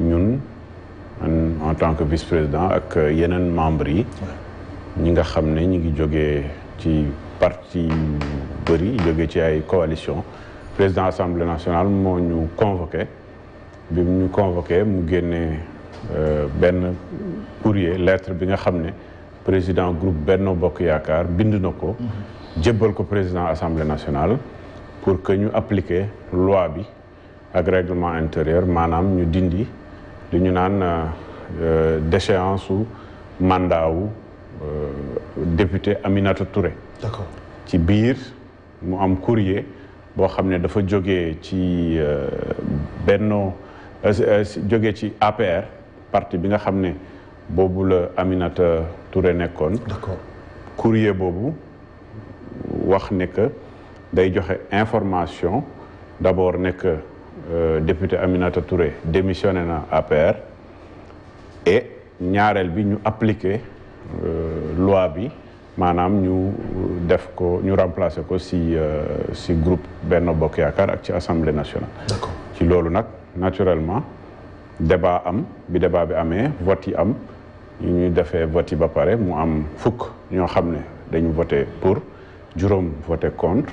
ñun en en tant que vice-président ak yenen membres yi ñi nga xam ñi ngi joggé ci parti bari jóge ci ay coalition président assemblée nationale mo ñu convoqué bi mu convoqué mu génnee euh, ben courrier lettre bi nga xamné président groupe Benno Bokk Yaakaar bind na ko mhm. ko président assemblée nationale pour que ñu appliquer loi bi ak règlement intérieur manam ñu dindi li ñu naan euh, euh, déchéance mandat wu euh, député Aminata Touré. d'accord ci bir, mu am courrier bo xam dafa joggé ci benno joggé ci APR parti bi nga xam bobu boobu la Aminata Touré nekkoon. d'accord courrier Bobu, wax ne que day joxe information d'abord ne que Euh, député Aminata Touré démissionné na APR et ñaareel bi ñu appliqué euh, loi bi maanaam ñu def ko ñu remplacer ko si euh, si groupe benn Bokk Yaakaar ak ci assemblée nationale. ci loolu nag naturellement débat am bi débat bi amee vote yi am ñu ñuy defee vote yi ba pare mu am fukk ñoo xam ne dañu voté pour juróom voté contre.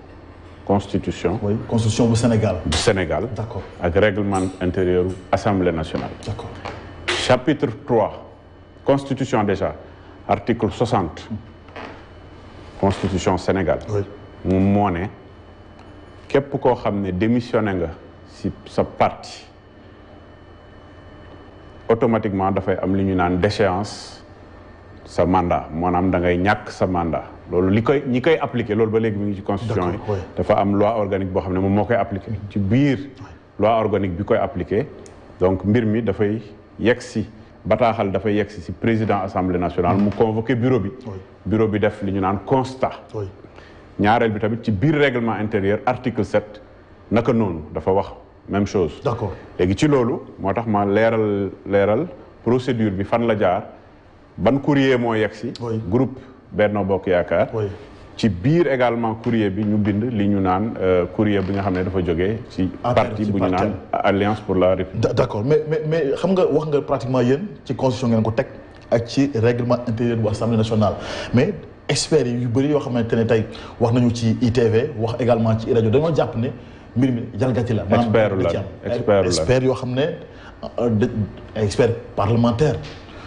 constitution. Oui, constitution du Sénégal. du Sénégal. d'accord avec règlement intérieur assemblée nationale. d'accord chapitre 3 constitution déjà article 60 constitution Sénégal. oui Moné. que ne képp si sa parti automatiquement il am a déchéance sa mandat Mon da ngay sa mandat loolu li koy ñi koy appliqué loolu ba léegi mi ngi ci constitution yi dafa am loi organique boo xam ne moom moo koy appliqué ci biir loi organique bi koy appliqué donc mbir mi dafay yegg si bataaxal dafay yegg si si président assemblée nationale mu convoqué bureau bi bureau bi def li ñu naan constat ñaareel bi tamit ci biir règlement intérieur article 7 naka noonu dafa wax même chose d'accord léegi ci loolu moo tax ma leeral leeral procédure bi fan la jaar ban courrier moo yegg si groupe Bernard Bokk Oui. ci également courrier euh, courrier alliance pour la république d'accord mais mais mais pratiquement yeen ci constitution ko règlement intérieur de l'Assemblée nationale mais experts yu ITV également ci la expert la expert euh, parlementaire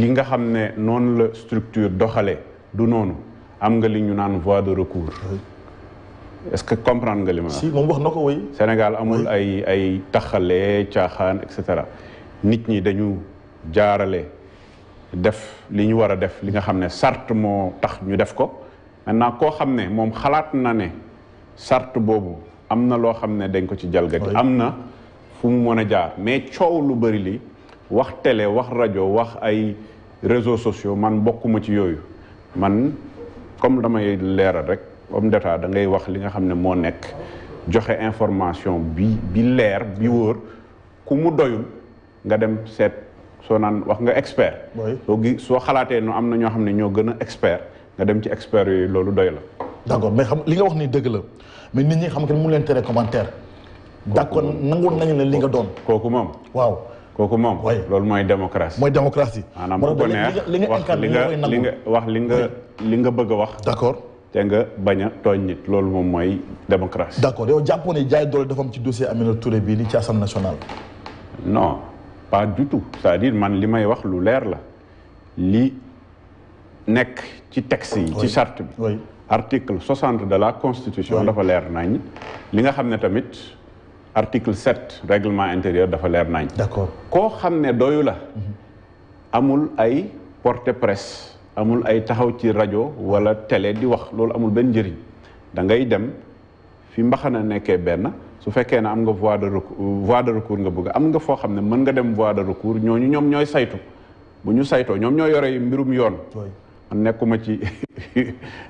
li nga xam ne noonu la structure doxale du noonu am nga li ñu naan voie de recours est-ce que comprendre nga li ma si moom wax na ko way Sénégal amul ay ay taxalee caaxaan et cetera nit ñi dañu jaarale def li ñu war a def li nga xam ne sart moo tax ñu def ko maintenant koo xam ne moom xalaat na ne sart boobu am na loo xam ne dañ ko ci jalgati am na fu mu mën a jaar mais coow lu bari li wax télé wax rajo wax ay réseaux sociaux man mbokkuma ci yooyu man comme damay leeral rek homme d'état da ngay wax li nga xam ne moo nekk joxe information bi bi leer bi wóor ku mu doyul nga dem seet soo naan wax nga expert soo gi soo xalaatee no am na ñoo xam ne ñoo gën expert nga dem ci expert yooyu loolu doy la d'accord mais xam li nga wax ni dëgg la mais nit ñi xam nga mu leen tere commentaire d'accord nangu nañu ne li nga doon kooku moom waaw kooku moom loolu mooy démocratie mooy démocratie maanaam bu ko neex wax li nga li nga wax li nga li nga bëgg a wax d'accord te nga bañ a tooñ nit loolu moom mooy démocratie d'accord yow jàppoon ne jaay doole dafa am ci dossier Aminata Touré bii ni ci Assemblée nationale non pas du tout c'est-à-dire man li may wax lu leer la li nekk ci texte yi ci charte bi article de la constitution dafa leer nañ li nga xam ne tamit article 7 règlement intérieur dafa leer nañ. d'accord koo xam doyu la. amul ay porte presse amul ay taxaw ci radio, wala télé di wax loolu amul benn njëriñ da ngay dem fi mbaxana nekkee benn su fekkee ne am nga voie de recours voie de recours nga bëgg am nga foo xam mën nga dem voie de recours ñooñu ñoom ñooy saytu bu ñu saytoo ñoom ñoo yore mbirum yoon. man ci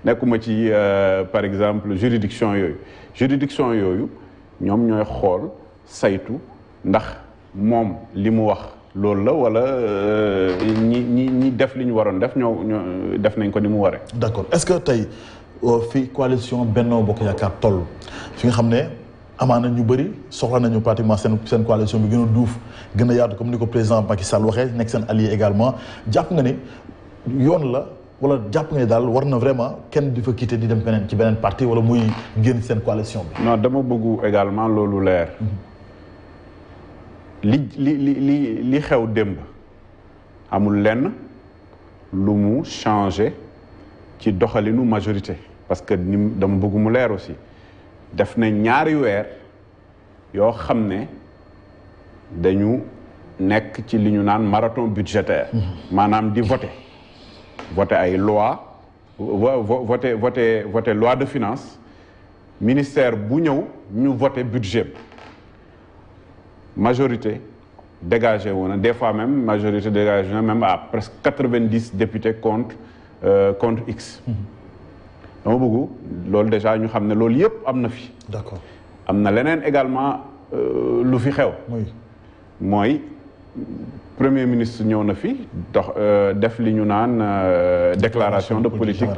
nekkuma ci euh, par exemple juridiction yooyu juridiction yooyu. ñom ñoy xol saytu ndax mom limu wax lool la wala euh, ñi ñi def li waron def ñoo def nañ ko ni mu waré d'accord est-ce que tay euh, fi coalition Benno Bokk Yaakaar toll fi nga xamné amana ñu bëri soxla nañu pratiquement seen sen coalition bi gëna douf gëna gën yaatu comme niko président Macky Sall waxee nekk seen allié également japp nga ni yoon la wala japp daal vraiment kenn di quitter parti wala muy coalition non dama également loolu mhm. li li li li xew changé ci majorité parce que ni dama bëgg aussi def na ñaari dañu ci marathon budgétaire. Mhm. maanaam di Voter ay loi voté voté voté loi de finances, ministère Bougnon, nous ñu budget majorité dégagée, des fois même majorité dégagée, même à presque 90 députés contre euh, contre X mhm. dama bëggu loolu déjà ñu xam ne loolu yëpp am fi d'accord am na également euh, lu fi Oui premier ministre ñëw na fi dox euh, def li ñu euh, déclaration de politique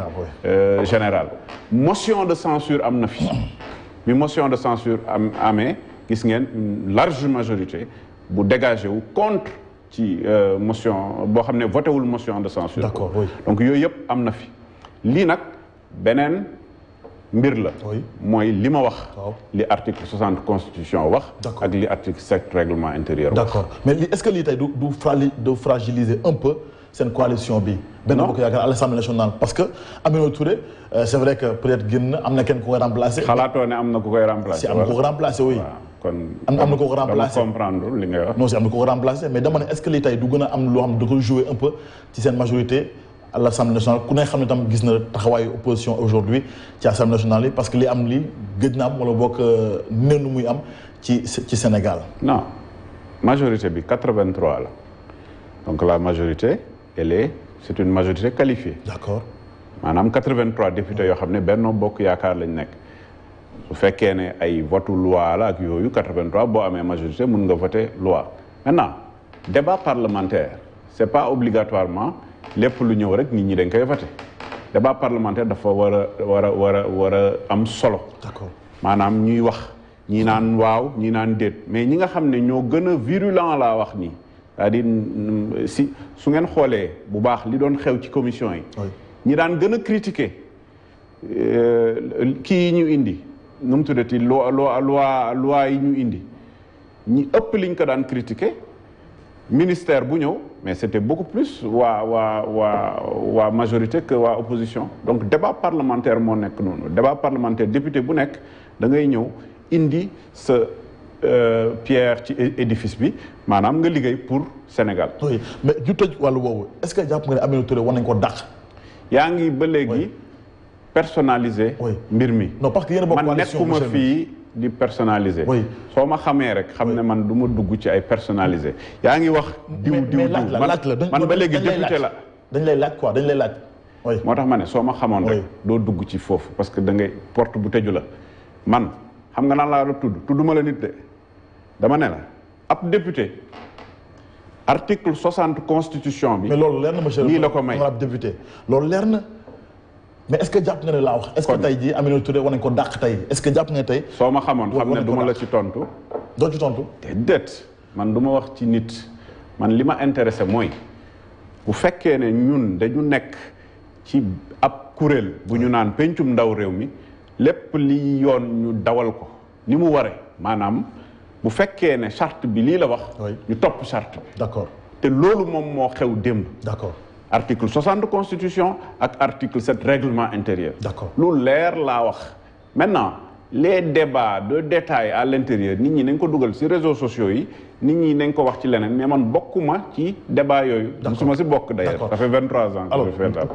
euh, générale motion de censure am na fi mi motion de censure am amé gis ngeen large majorité bu dégagé wu contre ci motion bo xamné voté wul motion de censure d'accord donc il yëpp am na fi li nak Benen mbir moi, mooy li ma wax li 60 constitution wax l'article li article 7 règlement intérieur d'accord mais est-ce que l'État doit fragiliser un peu cette coalition bi Ben bokk à l'Assemblée nationale parce que mes Touré euh, c'est vrai que peut-être génn am quelqu'un kenn remplacer y ne quelqu'un qui remplacer si am quelqu'un qui remplacer oui kon quelqu'un na remplacer comprendre li ngay wax non si quelqu'un qui remplacer mais est-ce que l'État tey du jouer un peu cette majorité à l'Assemblée nationale ku ne xam ne tam gis na opposition aujourd'hui ci Assemblée nationale parce que li am li gëj na am wala bokk euh, nenn muy am Sénégal. non majorité bi 83 Là. donc la majorité elle est c'est une majorité qualifiée. d'accord maanaam 83 députés yoo xam ne Benno Bokk Yaakaar lañ nekk. su fekkee ne ay vote loi la ak yooyu 83 boo amee majorité mun nga voter loi maintenant débat parlementaire c'est pas obligatoirement lépp lu ñëw rek nit ñi dañ koy voté débat parlementaire dafa war a war a war a war a am solo. d'accord maanaam ñuy wax ñi naan waaw ñi naan déet mais ñi nga xam ne ñoo gën a virulent laa wax nii cest mm, si su ngeen xoolee bu baax li doon xew ci commission yi. ñi daan gën a critiquer euh, kii ñu indi nu mu tuddati loi loi yi ñu indi ñi ëpp liñ ko daan critiquer ministère bu mais c'était beaucoup plus la wa, wa, wa majorité que waa opposition donc débat parlementaire mon nek, non, débat parlementaire député bu nekk da ngay indi ce euh, pierre ci édifice bi madame nga pour Sénégal. oui mais ju tëj wàllu est-ce que jàpp nga ne le Touré war Y ko dàq. yaa ngi ba personnaliser. non parce qu'il y a beaucoup de questions di personnalisé. oui soo ma xamee rek xam ne man du ma dugg ci ay personnalisé. yaa ngi wax diw diw diw man man ba léegi député la. dañ lay laaj quoi dañ lay laaj. oui moo tax ma ne soo ma xamoon rek. doo dugg ci foofu parce que da ngay porte bu tëju la. man xam nga nan laa doon tudd tudduma la nit de dama ne la ab député article soixante constitution bi. mais loolu leer na monsieur lii la ko may ab député loolu leer na. mais est-ce que jàpp nga ne laa wax est-ce que tey jii Aminata Touré war nañ ko dàq tey est-ce que jàpp nga ne tey soo ma xamoon xam ne du ma la ci tontu doo ci tontu déedéet man du ma wax ci nit man li ma intéressé mooy bu fekkee ne ñun dañu nekk ci ab kuréel bu ñu naan pencum ndaw réew mi lépp li yoon ñu dawal ko ni mu waree maanaam bu fekkee ne charte bi lii la wax ñu topp chart bi d'accord te loolu moom moo xew démb d'accord article 60 constitution et article 7 règlement intérieur. d'accord lu leer maintenant les débats de détail à l'intérieur nit ñi nañ ko sur ci réseaux sociaux yi nit ñi nañ ko wax ci sociaux, mais man bokkuma ci débat yoyu d'accord ci d'ailleurs. ça fait 23 ans. que ça.